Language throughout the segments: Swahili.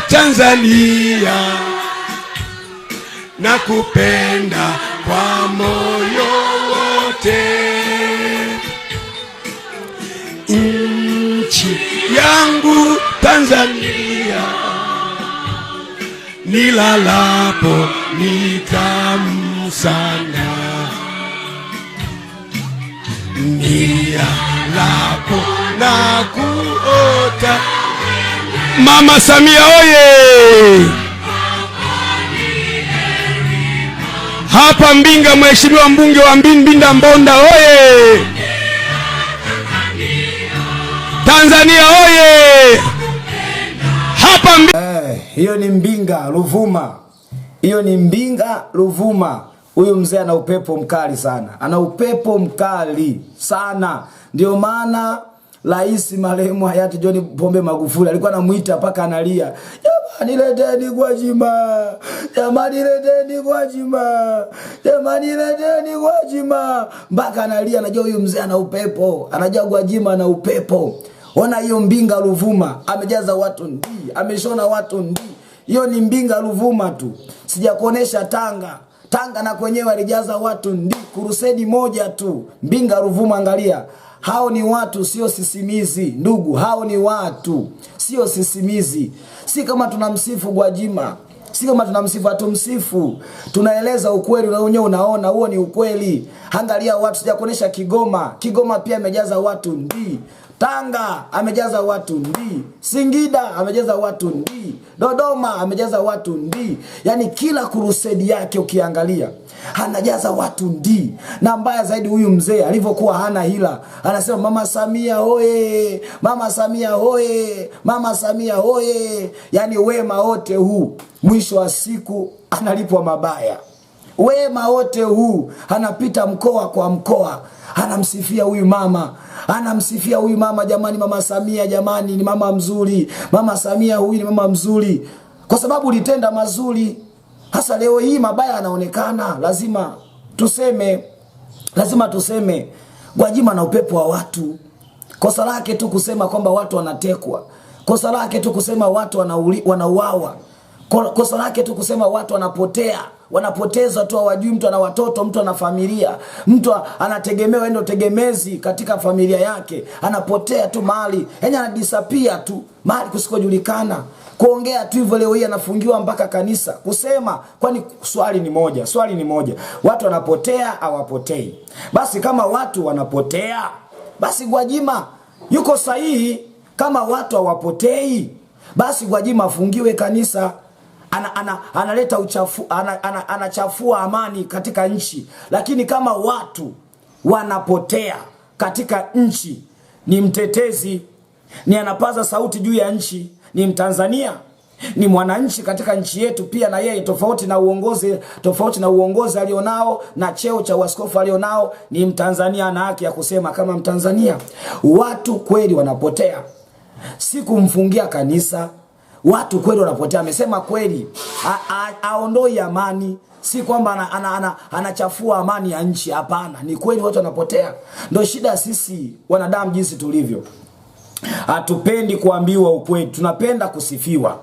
Tanzania, na nakupenda kwa moyo wote, nchi yangu Tanzania, nilalapo ni tamu sana, nilalapo na kuota Mama Samia oye! Hapa Mbinga, mheshimiwa mbunge wa Mbinda Mbonda oye! Tanzania oye! Hapa Mbinga eh, hiyo ni Mbinga Ruvuma, hiyo ni Mbinga Ruvuma. Huyu mzee ana upepo mkali sana, ana upepo mkali sana, ndio maana rais marehemu hayati John Pombe Magufuli alikuwa anamuita mpaka analia, jamani leteni Gwajima, jamani leteni Gwajima, jamani leteni Gwajima, mpaka analia. Anajua huyu mzee ana upepo, anajua Gwajima ana upepo. Ona hiyo Mbinga Ruvuma amejaza watu ndi, ameshona watu ndi. Hiyo ni Mbinga Ruvuma tu, sijakuonesha Tanga. Tanga na kwenyewe alijaza watu ndi, kurusedi moja tu. Mbinga Ruvuma, angalia hao ni watu, sio sisimizi ndugu, hao ni watu, sio sisimizi. Si kama tunamsifu Gwajima, si kama tunamsifu, hatumsifu, tunaeleza ukweli na wewe unaona huo ni ukweli. Angalia watu, sijakuonesha Kigoma. Kigoma pia imejaza watu, ndi Tanga amejaza watu ndi, Singida amejaza watu ndi, Dodoma amejaza watu ndi. Yani kila kurusedi yake ukiangalia anajaza watu ndi, na mbaya zaidi huyu mzee alivyokuwa hana hila, anasema mama Samia hoye, mama Samia hoye, mama Samia hoye. Yani wema wote huu mwisho wa siku analipwa mabaya wema wote huu, anapita mkoa kwa mkoa, anamsifia huyu mama, anamsifia huyu mama. Jamani, mama Samia, jamani, ni mama mzuri. Mama Samia huyu ni mama mzuri, kwa sababu litenda mazuri. Hasa leo hii mabaya anaonekana, lazima tuseme, lazima tuseme. Gwajima na upepo wa watu, kosa lake tu kusema kwamba watu wanatekwa, kosa lake tu kusema watu wanauawa kosa lake tu kusema watu wanapotea wanapotezwa tu, hawajui. Mtu ana watoto, mtu ana familia, mtu anategemewa endo tegemezi katika familia yake, anapotea tu mali yani anadisapia tu mali kusikojulikana. Kuongea tu hivyo, leo hii anafungiwa mpaka kanisa kusema. Kwani swali ni moja, swali ni moja, watu wanapotea hawapotei? Basi kama watu wanapotea, basi Gwajima yuko sahihi. Kama watu hawapotei, basi Gwajima afungiwe kanisa analeta ana, ana, ana uchafu anachafua ana, ana amani katika nchi, lakini kama watu wanapotea katika nchi, ni mtetezi, ni anapaza sauti juu ya nchi, ni Mtanzania, ni mwananchi katika nchi yetu pia na yeye, tofauti na uongozi tofauti na uongozi alionao na cheo cha uaskofu alionao, ni Mtanzania, ana haki ya kusema kama Mtanzania. Watu kweli wanapotea, sikumfungia kanisa watu kweli wanapotea. Amesema kweli, aondoi amani, si kwamba anachafua ana, ana, ana, amani ya nchi. Hapana, ni kweli watu wanapotea. Ndio shida sisi wanadamu jinsi tulivyo, hatupendi kuambiwa ukweli, tunapenda kusifiwa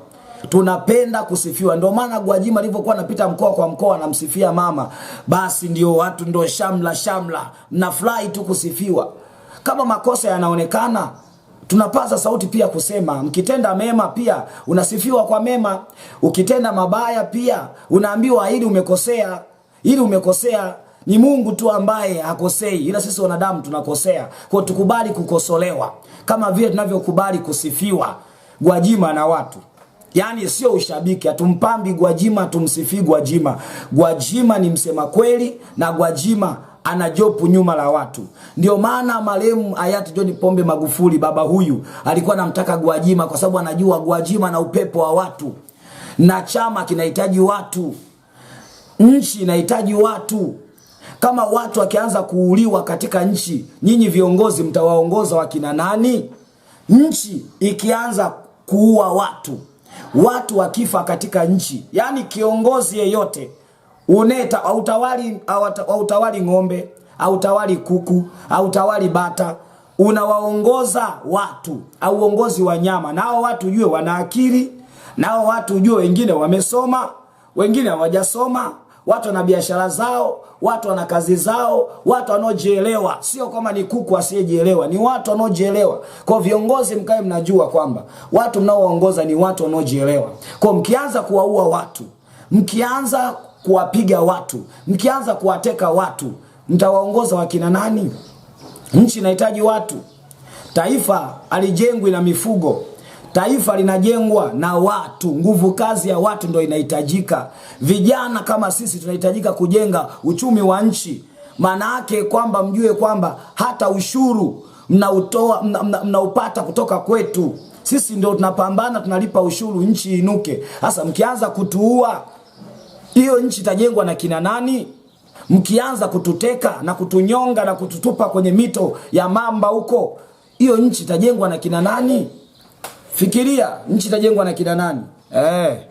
tunapenda kusifiwa. Ndio maana Gwajima alivyokuwa anapita mkoa kwa mkoa anamsifia mama, basi ndio watu ndio shamla shamla, mnafurahi tu kusifiwa. Kama makosa yanaonekana, tunapaza sauti pia kusema, mkitenda mema pia unasifiwa kwa mema, ukitenda mabaya pia unaambiwa ili umekosea, ili umekosea. Ni Mungu tu ambaye hakosei, ila sisi wanadamu tunakosea. Kwa tukubali kukosolewa kama vile tunavyokubali kusifiwa. Gwajima na watu Yaani sio ushabiki, hatumpambi Gwajima, tumsifii Gwajima. Gwajima ni msema kweli na Gwajima ana jopu nyuma la watu. Ndio maana marehemu hayati John Pombe Magufuli, baba huyu alikuwa anamtaka Gwajima kwa sababu anajua Gwajima na upepo wa watu, na chama kinahitaji watu, nchi inahitaji watu. Kama watu wakianza kuuliwa katika nchi, nyinyi viongozi mtawaongoza wakina nani? Nchi ikianza kuua watu, watu wakifa katika nchi, yaani kiongozi yeyote uneta autawali autawali ng'ombe autawali kuku autawali bata unawaongoza watu au uongozi wa nyama, nao watu jue wana akili, nao watu jue, wengine wamesoma, wengine hawajasoma, watu wana biashara zao, watu wana kazi zao, watu wanaojielewa. Sio kama ni kuku asiyejielewa, ni watu wanaojielewa. Kwa viongozi, mkae mnajua kwamba watu mnaoongoza ni watu wanaojielewa. Kwa mkianza kuwaua watu, mkianza kuwapiga watu, mkianza kuwateka watu, mtawaongoza wakina nani? Nchi inahitaji watu. Taifa alijengwi na mifugo, taifa linajengwa na watu. Nguvu kazi ya watu ndio inahitajika. Vijana kama sisi tunahitajika kujenga uchumi wa nchi. Maana yake kwamba mjue kwamba hata ushuru mnaupata mna, mna kutoka kwetu sisi, ndio tunapambana tunalipa ushuru nchi inuke. Sasa mkianza kutuua hiyo nchi itajengwa na kina nani? Mkianza kututeka na kutunyonga na kututupa kwenye mito ya mamba huko, hiyo nchi itajengwa na kina nani? Fikiria, nchi itajengwa na kina nani eh?